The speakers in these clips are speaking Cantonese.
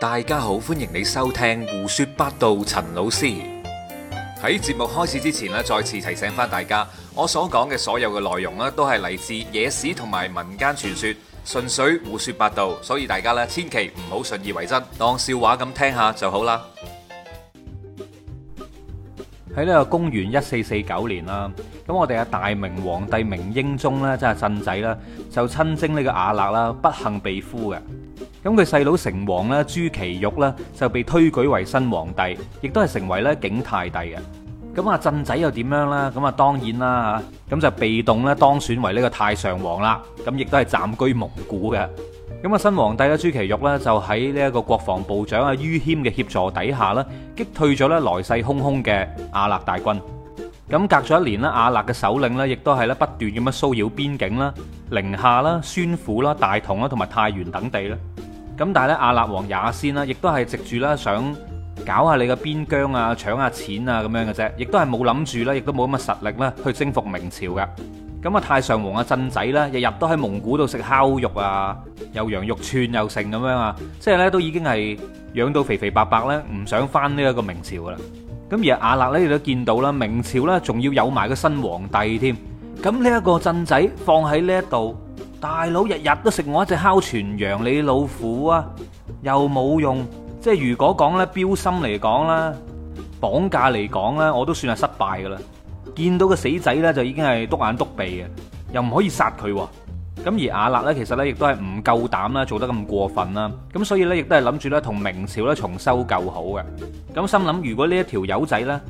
大家好，歡迎你收聽胡說八道。陳老師喺節目開始之前咧，再次提醒翻大家，我所講嘅所有嘅內容咧，都係嚟自野史同埋民間傳說，純粹胡說八道，所以大家咧千祈唔好信以為真，當笑話咁聽下就好啦。喺呢個公元一四四九年啦。咁我哋阿大明皇帝明英宗咧，即係鎮仔啦，就親征呢個阿勒啦，不幸被俘嘅。咁佢細佬成王咧，朱祁鈺咧，就被推舉為新皇帝，亦都係成為咧景泰帝嘅。咁啊，鎮仔又點樣啦？咁啊，當然啦吓，咁就被動咧當選為呢個太上皇啦。咁亦都係暫居蒙古嘅。咁啊，新皇帝咧朱祁鈺咧，就喺呢一個國防部長阿于謙嘅協助底下咧，擊退咗咧來勢洶洶嘅阿勒大軍。咁隔咗一年咧，瓦剌嘅首領咧，亦都係咧不斷咁樣騷擾邊境啦、寧夏啦、宣府啦、大同啦，同埋太原等地啦。咁但係咧，瓦剌王也先啦，亦都係籍住啦想搞下你嘅邊疆啊、搶下錢啊咁樣嘅啫，亦都係冇諗住啦，亦都冇乜嘅實力啦去征服明朝㗎。咁啊，太上皇嘅鎮仔啦，日日都喺蒙古度食烤肉啊，又羊肉串又剩咁樣啊，即係咧都已經係養到肥肥白白咧，唔想翻呢一個明朝噶啦。咁而阿勒咧，你都見到啦，明朝咧仲要有埋個新皇帝添。咁呢一個鎮仔放喺呢一度，大佬日日都食我一隻烤全羊，你老虎啊又冇用。即係如果講咧標心，嚟講啦，綁架嚟講啦，我都算係失敗噶啦。見到個死仔咧，就已經係篤眼篤鼻嘅，又唔可以殺佢喎。咁而阿剌咧，其實咧亦都係唔夠膽啦，做得咁過分啦，咁所以咧亦都係諗住咧同明朝咧重修舊好嘅。咁心諗，如果呢一條友仔咧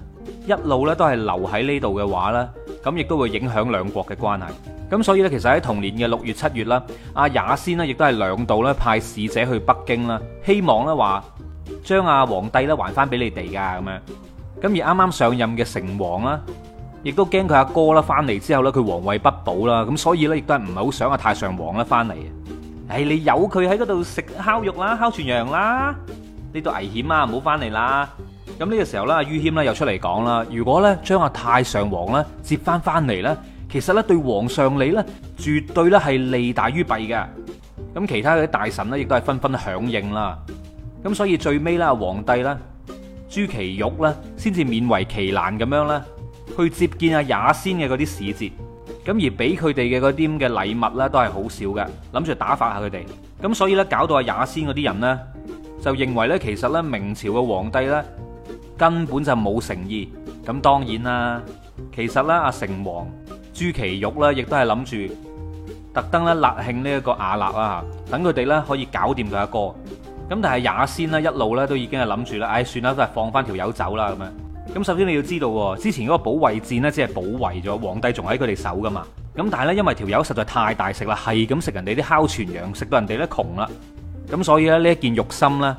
一路咧都係留喺呢度嘅話咧，咁亦都會影響兩國嘅關係。咁所以咧，其實喺同年嘅六月七月啦，阿也先咧亦都係兩度咧派使者去北京啦，希望咧話將阿皇帝咧還返俾你哋㗎咁樣。咁而啱啱上任嘅成王啊！亦都驚佢阿哥啦，翻嚟之後咧，佢皇位不保啦，咁所以咧，亦都係唔係好想阿太上皇咧翻嚟啊！唉、哎，你由佢喺嗰度食烤肉啦，烤全羊啦，呢度危險啊，唔好翻嚟啦！咁呢個時候啦，于謙啦又出嚟講啦，如果咧將阿太上皇咧接翻翻嚟咧，其實咧對皇上你咧絕對咧係利大於弊嘅。咁其他嗰啲大臣咧，亦都係紛紛響應啦。咁所以最尾啦，皇帝啦，朱祁鈺啦，先至勉為其難咁樣啦去接見阿也先嘅嗰啲使節，咁而俾佢哋嘅嗰啲嘅禮物咧，都係好少嘅，諗住打發下佢哋。咁所以咧，搞到阿也先嗰啲人咧，就認為咧，其實咧明朝嘅皇帝咧，根本就冇誠意。咁當然啦，其實咧阿成王朱祁鈺咧，亦都係諗住特登咧勒慶呢一個亞立啦，等佢哋咧可以搞掂佢阿哥。咁但係也先呢，一路咧都已經係諗住啦，唉、哎，算啦，都係放翻條友走啦咁樣。咁首先你要知道，之前嗰個保衛戰呢，只係保衛咗皇帝，仲喺佢哋手噶嘛。咁但係呢，因為條友實在太大食啦，係咁食人哋啲烤全羊，食到人哋呢窮啦。咁所以呢，呢一件肉心呢，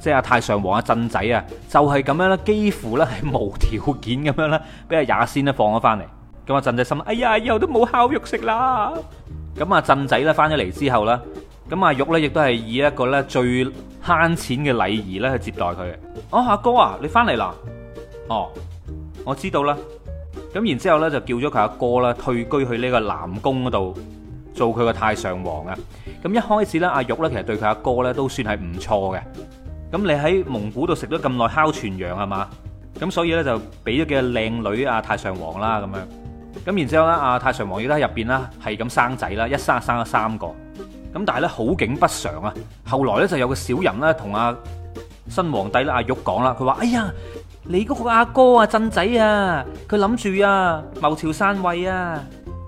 即係阿太上皇阿鎮仔啊，就係、是、咁樣啦，幾乎呢係無條件咁樣啦，俾阿也先呢放咗翻嚟。咁阿鎮仔心：哎呀，以後都冇烤肉食啦。咁阿鎮仔呢，翻咗嚟之後呢，咁阿玉呢，亦都係以一個呢最慳錢嘅禮儀呢去接待佢。哦，阿哥啊，你翻嚟啦！哦，我知道啦。咁然之後呢，就叫咗佢阿哥咧退居去呢個南宮嗰度做佢個太上皇啊。咁一開始呢，阿玉呢，其實對佢阿哥呢都算係唔錯嘅。咁你喺蒙古度食咗咁耐烤全羊係嘛？咁所以呢，就俾咗幾個靚女阿太上皇啦咁樣。咁然之後呢，阿太上皇亦都喺入邊啦，係咁生仔啦，一生生咗三個。咁但係咧好景不常啊，後來呢，就有個小人呢，同阿新皇帝阿玉講啦，佢話：哎呀！你嗰個阿哥啊，鎮仔啊，佢諗住啊，謀朝篡位啊，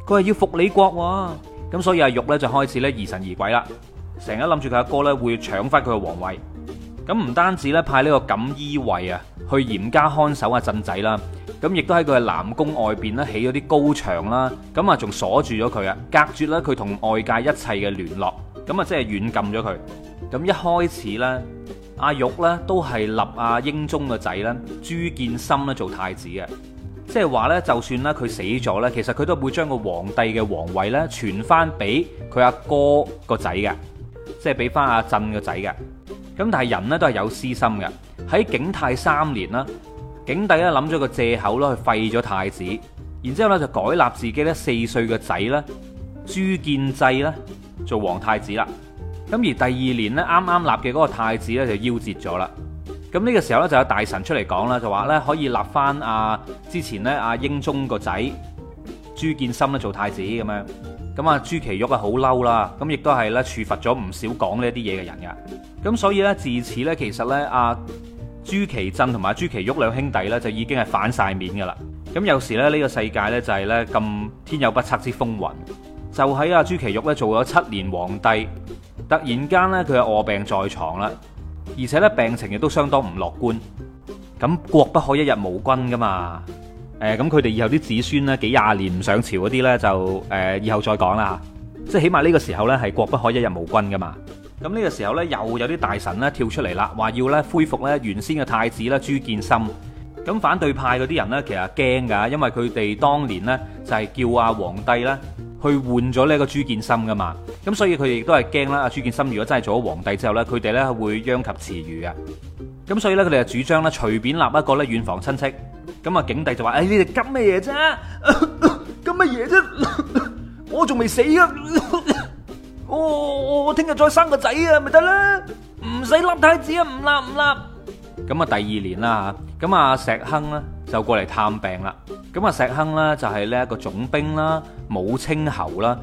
佢係要復你國喎，啊，咁所以阿玉咧就開始咧疑神疑鬼啦，成日諗住佢阿哥咧會搶翻佢個皇位，咁唔單止咧派呢個錦衣衛啊去嚴加看守啊鎮仔啦，咁亦都喺佢嘅南宮外邊咧起咗啲高牆啦，咁啊仲鎖住咗佢啊，隔絕咧佢同外界一切嘅聯絡，咁啊即係軟禁咗佢，咁一開始咧。阿玉咧都係立阿英宗個仔咧朱見深咧做太子嘅，即係話咧就算咧佢死咗咧，其實佢都會將個皇帝嘅皇位咧傳翻俾佢阿哥個仔嘅，即係俾翻阿鎮個仔嘅。咁但係人咧都係有私心嘅，喺景泰三年啦，景帝咧諗咗個借口咯，去廢咗太子，然之後咧就改立自己咧四歲嘅仔咧朱見濟咧做皇太子啦。咁而第二年咧，啱啱立嘅嗰個太子咧就夭折咗啦。咁呢個時候咧，就有大臣出嚟講啦，就話咧可以立翻阿、啊、之前咧、啊、阿英宗個仔朱建深咧做太子咁樣。咁啊朱祁鈺啊好嬲啦，咁亦都係咧處罰咗唔少講呢啲嘢嘅人嘅。咁所以咧自此咧，其實咧、啊、阿朱祁鎮同埋朱祁鈺兩兄弟咧就已經係反晒面噶啦。咁有時咧呢、這個世界咧就係咧咁天有不測之風雲。就喺阿朱祁鈺咧做咗七年皇帝。突然間咧，佢又臥病在床啦，而且咧病情亦都相當唔樂觀。咁國不可一日無君噶嘛？誒咁佢哋以後啲子孫呢，幾廿年唔上朝嗰啲呢，就誒以後再講啦。即係起碼呢個時候呢，係國不可一日無君噶嘛。咁、這、呢個時候呢，又有啲大臣呢跳出嚟啦，話要呢恢復呢原先嘅太子啦朱見深。咁反對派嗰啲人呢，其實驚㗎，因為佢哋當年呢，就係叫阿皇帝咧。去換咗呢個朱建深噶嘛，咁所以佢哋亦都係驚啦。阿朱建深如果真係做咗皇帝之後咧，佢哋咧會殃及池魚啊。咁所以咧，佢哋就主張咧，隨便立一個咧遠房親戚。咁啊，景帝就話：哎，你急咩嘢啫？咁乜嘢啫？我仲未死啊！我我我聽日再生個仔啊，咪得啦，唔使立太子啊，唔立唔立。咁啊，第二年啦嚇，咁啊石亨咧就過嚟探病啦。咁啊石亨咧就係呢一個總兵啦。武清侯啦，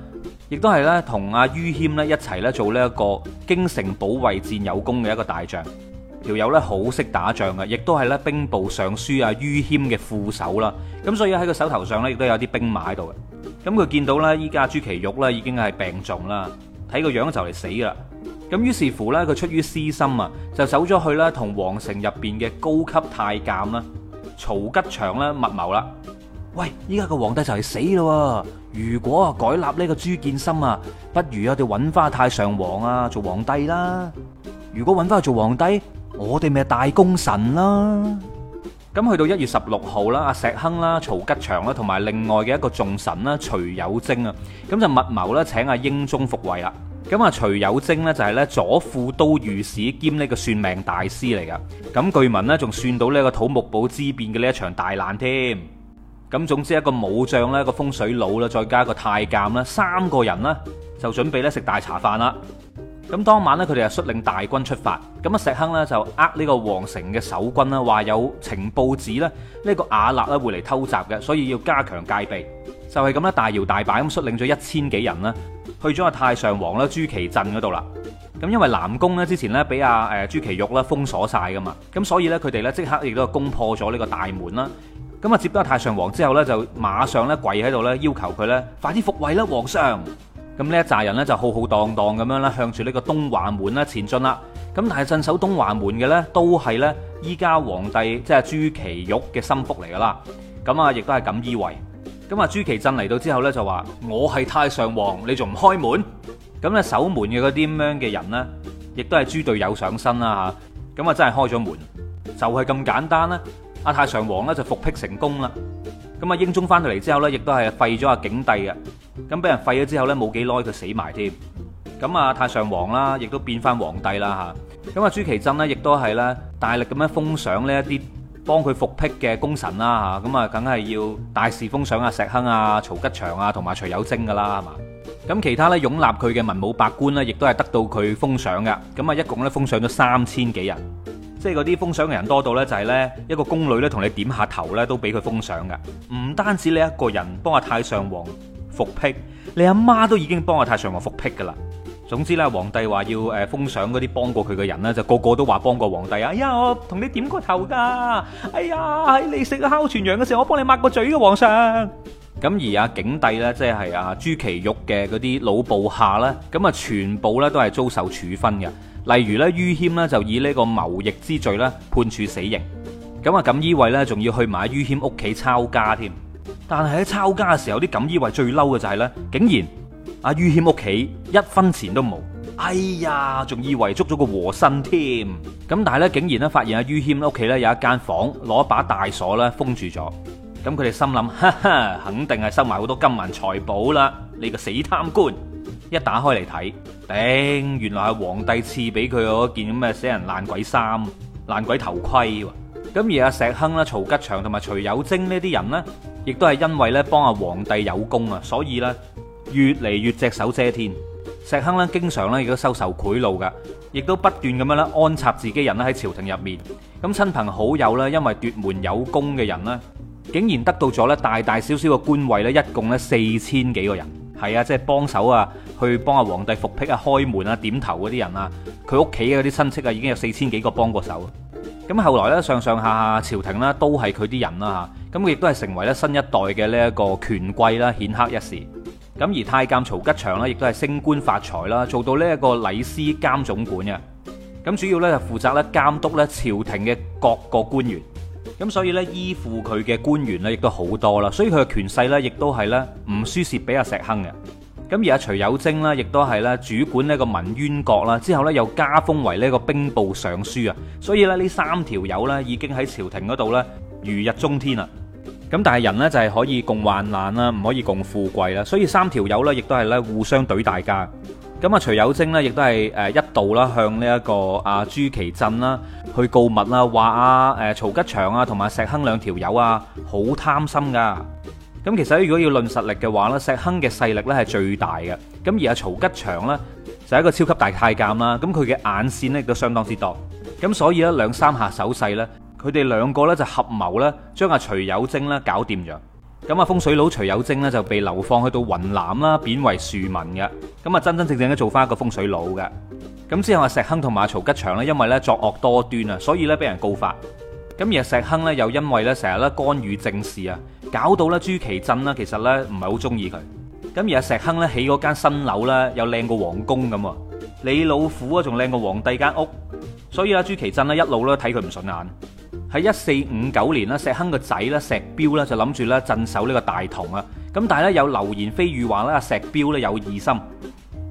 亦都係咧同阿于謙咧一齊咧做呢一個京城保衛戰有功嘅一個大將，條友咧好識打仗嘅，亦都係咧兵部尚書阿于謙嘅副手啦，咁所以喺佢手頭上咧亦都有啲兵馬喺度嘅，咁佢見到咧依家朱祁鈺咧已經係病重啦，睇個樣就嚟死啦，咁於是乎咧佢出於私心啊，就走咗去咧同皇城入邊嘅高級太監啦曹吉祥咧密謀啦。喂，依家個皇帝就係死咯。如果啊改立呢個朱見深啊，不如我哋搵翻太上皇啊做皇帝啦。如果搵翻去做皇帝，我哋咪大功臣啦。咁去到一月十六號啦，阿石亨啦、曹吉祥啦，同埋另外嘅一個重臣啦徐有貞啊，咁就密謀咧，請阿英宗復位啦。咁啊，徐有貞呢，精就係咧左副都御史兼呢個算命大師嚟噶。咁據聞呢，仲算到呢個土木堡之變嘅呢一場大難添。咁總之一個武將咧，一個風水佬呢，再加一個太監啦，三個人呢就準備咧食大茶飯啦。咁當晚咧，佢哋就率領大軍出發。咁啊，石亨呢，就呃呢個皇城嘅守軍啦，話有情報指咧呢個瓦剌咧會嚟偷襲嘅，所以要加強戒備。就係咁呢大搖大擺咁率領咗一千幾人啦，去咗阿太上皇呢朱祁鎮嗰度啦。咁因為南宮咧之前咧俾阿朱祁玉啦封鎖晒噶嘛，咁所以咧佢哋咧即刻亦都攻破咗呢個大門啦。咁啊，接咗太上皇之後咧，就馬上咧跪喺度咧，要求佢咧快啲復位啦，皇上。咁呢一紮人咧就浩浩蕩蕩咁樣呢向住呢個東華門呢前進啦。咁但係鎮守東華門嘅咧都係咧依家皇帝即係朱祁玉嘅心腹嚟噶啦。咁啊，亦都係咁以為。咁啊，朱祁鎮嚟到之後咧就話：我係太上皇，你仲唔開門？咁咧守門嘅嗰啲咁樣嘅人呢，亦都係豬隊友上身啦吓，咁啊，真係開咗門，就係咁簡單啦。阿太上皇咧就復辟成功啦，咁啊英宗翻到嚟之後呢，亦都係廢咗阿景帝嘅，咁俾人廢咗之後呢，冇幾耐佢死埋添，咁啊太上皇啦，亦都變翻皇帝啦吓，咁啊朱祁鎮呢，亦都係咧大力咁樣封賞呢一啲幫佢復辟嘅功臣啦吓，咁啊梗係要大肆封賞阿石亨啊、曹吉祥啊同埋徐有貞噶啦係嘛，咁其他咧擁立佢嘅文武百官呢，亦都係得到佢封賞噶，咁啊一共咧封賞咗三千幾人。即係嗰啲封賞嘅人多到呢，就係呢一個宮女咧同你點下頭呢，都俾佢封賞嘅，唔單止你一個人幫阿太上皇復辟，你阿媽都已經幫阿太上皇復辟噶啦。總之呢，皇帝話要封賞嗰啲幫過佢嘅人呢，就個個都話幫過皇帝啊！哎呀，我同你點過頭㗎，哎呀，喺你食烤全羊嘅時候，我幫你抹個嘴嘅皇上。咁而阿景帝呢，即係阿朱祁玉嘅嗰啲老部下呢，咁啊全部呢，都係遭受處分嘅。例如咧，于謙咧就以呢個謀逆之罪咧判處死刑。咁啊，錦衣衛咧仲要去埋于謙屋企抄家添。但係喺抄家嘅時候，啲錦衣衛最嬲嘅就係咧，竟然阿于謙屋企一分錢都冇。哎呀，仲以為捉咗個和珅添。咁但係咧，竟然咧發現阿于謙屋企咧有一間房攞一把大鎖咧封住咗。咁佢哋心諗，哈哈，肯定係收埋好多金銀財寶啦。你個死貪官！一打開嚟睇，頂，原來係皇帝賜俾佢嗰件咁嘅死人爛鬼衫、爛鬼頭盔。咁而阿石亨啦、曹吉祥同埋徐有貞呢啲人呢，亦都係因為咧幫阿皇帝有功啊，所以咧越嚟越隻手遮天。石亨呢，經常咧亦都收受賄賂㗎，亦都不斷咁樣咧安插自己人咧喺朝廷入面。咁親朋好友呢，因為奪門有功嘅人呢，竟然得到咗咧大大小小嘅官位咧，一共咧四千幾個人。係啊，即係幫手啊！去幫阿皇帝復辟啊、開門啊、點頭嗰啲人啊，佢屋企嗰啲親戚啊，已經有四千幾個幫過手。咁後來呢，上上下下朝廷啦，都係佢啲人啦吓。咁佢亦都係成為咧新一代嘅呢一個權貴啦、顯赫一時。咁而太監曹吉祥呢，亦都係升官發財啦，做到呢一個禮司監總管嘅。咁主要呢，就負責咧監督咧朝廷嘅各個官員。咁所以呢，依附佢嘅官員呢，亦都好多啦，所以佢嘅權勢呢，亦都係呢，唔輸蝕俾阿石亨嘅。咁而阿徐有貞啦，亦都係咧主管呢一個文淵閣啦，之後咧又加封為呢一個兵部尚書啊，所以咧呢三條友咧已經喺朝廷嗰度咧如日中天啊！咁但係人咧就係可以共患難啦，唔可以共富貴啦，所以三條友咧亦都係咧互相懟大家。咁啊，徐有貞咧亦都係誒一度啦，向呢一個阿朱祁鎮啦去告密啦，話阿誒曹吉祥啊同埋石亨兩條友啊好貪心噶。咁其實如果要論實力嘅話呢，石亨嘅勢力呢係最大嘅。咁而阿曹吉祥呢，就係一個超級大太監啦。咁佢嘅眼線呢亦都相當之多。咁所以呢，兩三下手勢呢，佢哋兩個呢就合謀呢，將阿徐有徵徐有貞咧搞掂咗。咁啊，風水佬徐有貞呢，就被流放去到雲南啦，貶為庶民嘅。咁啊，真真正正咧做返一個風水佬嘅。咁之後阿石亨同埋曹吉祥呢，因為呢作惡多端啊，所以呢，俾人告發。咁而石亨呢，又因為呢，成日呢，干預政事啊。搞到咧朱祁鎮其實咧唔係好中意佢。咁而阿石亨咧起嗰間新樓咧，又靚過皇宮咁。你老虎啊，仲靚過皇帝間屋，所以朱祁鎮一路咧睇佢唔順眼。喺一四五九年石亨個仔石彪咧就諗住咧鎮守呢個大同啊。咁但係咧有流言蜚語話阿石彪咧有異心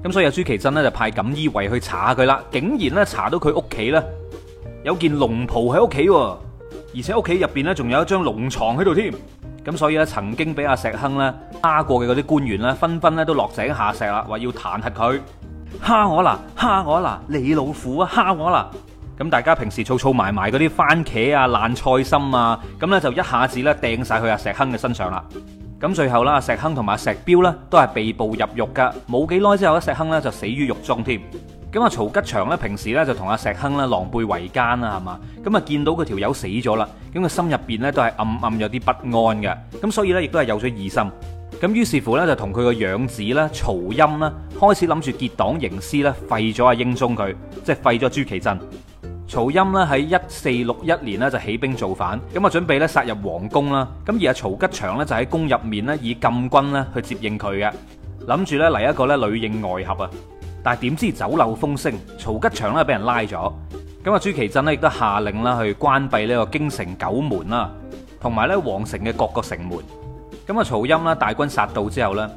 咁，所以阿朱祁鎮咧就派錦衣衛去查佢啦。竟然咧查到佢屋企咧有件龍袍喺屋企，而且屋企入邊咧仲有一張龍床喺度添。咁所以咧，曾經俾阿石亨咧蝦過嘅嗰啲官員咧，紛紛咧都落井下石啦，話要彈劾佢。蝦我啦，蝦我啦，你老虎啊，蝦我啦！咁大家平時嘈嘈埋埋嗰啲蕃茄啊、爛菜心啊，咁咧就一下子咧掟晒去阿石亨嘅身上啦。咁最後啦，阿石亨同埋石彪咧都係被捕入獄噶，冇幾耐之後咧，石亨呢就死於獄中添。咁啊，曹吉祥咧，平時咧就同阿石亨啦狼狽為奸啦，係嘛？咁啊，見到佢條友死咗啦，咁佢心入邊咧都係暗暗有啲不安嘅。咁所以咧，亦都係有咗疑心。咁於是乎咧，就同佢個養子咧，曹欽啦，開始諗住結黨營私咧，廢咗阿英宗佢，即係廢咗朱祁鎮。曹欽咧喺一四六一年咧就起兵造反，咁啊準備咧殺入皇宮啦。咁而阿曹吉祥咧就喺宮入面咧以禁軍咧去接應佢嘅，諗住咧嚟一個咧裏應外合啊。但係點知走漏風聲，曹吉祥咧俾人拉咗。咁啊朱祁鎮咧亦都下令啦去關閉呢個京城九門啦，同埋咧皇城嘅各個城門。咁啊曹欽啦大軍殺到之後咧，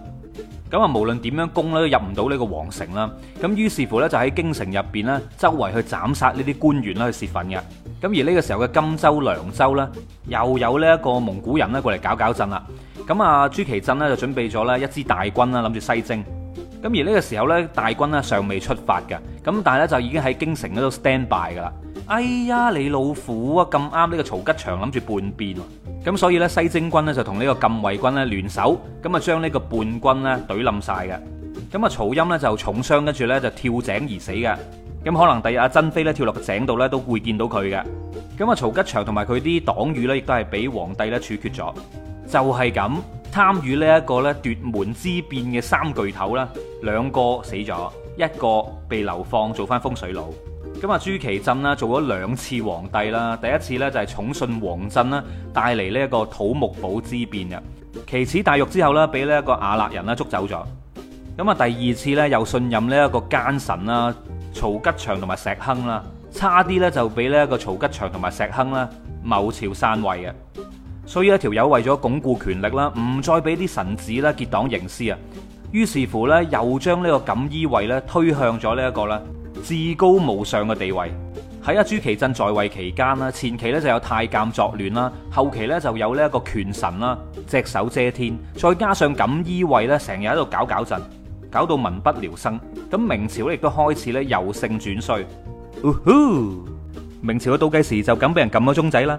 咁啊無論點樣攻咧都入唔到呢個皇城啦。咁於是乎咧就喺京城入邊咧周圍去斬殺呢啲官員啦去泄憤嘅。咁而呢個時候嘅金州、涼州咧又有呢一個蒙古人咧過嚟搞搞震啦。咁啊朱祁鎮咧就準備咗咧一支大軍啦諗住西征。咁而呢個時候呢，大軍咧尚未出發嘅，咁但係呢，就已經喺京城嗰度 stand by 㗎啦。哎呀，你老虎啊，咁啱呢個曹吉祥諗住叛變喎，咁所以呢，西征軍呢，就同呢個禁衛軍咧聯手，咁啊將呢個叛軍呢，懟冧晒嘅。咁啊曹欽呢，就重傷，跟住呢，就跳井而死嘅。咁可能第日阿珍妃呢，跳落個井度呢，都會見到佢嘅。咁啊曹吉祥同埋佢啲黨羽呢，亦都係俾皇帝呢處決咗，就係咁。參與呢一個咧奪門之變嘅三巨頭啦，兩個死咗，一個被流放做翻風水佬。咁啊朱祁鎮啦，做咗兩次皇帝啦，第一次咧就係寵信王振啦，帶嚟呢一個土木堡之變嘅奇恥大辱之後咧，俾呢一個瓦剌人啦捉走咗。咁啊第二次咧又信任呢一個奸臣啦曹吉祥同埋石亨啦，差啲咧就俾呢一個曹吉祥同埋石亨啦謀朝篡位嘅。所以一條友為咗鞏固權力啦，唔再俾啲臣子啦結黨營私啊，於是乎呢又將呢個錦衣衛咧推向咗呢一個咧至高無上嘅地位。喺阿朱祁鎮在位期間啦，前期咧就有太監作亂啦，後期咧就有呢一個權臣啦，隻手遮天，再加上錦衣衛咧成日喺度搞搞震，搞到民不聊生。咁明朝咧亦都開始咧由盛轉衰。嗚呼！明朝嘅倒計時就咁俾人撳咗鐘仔啦。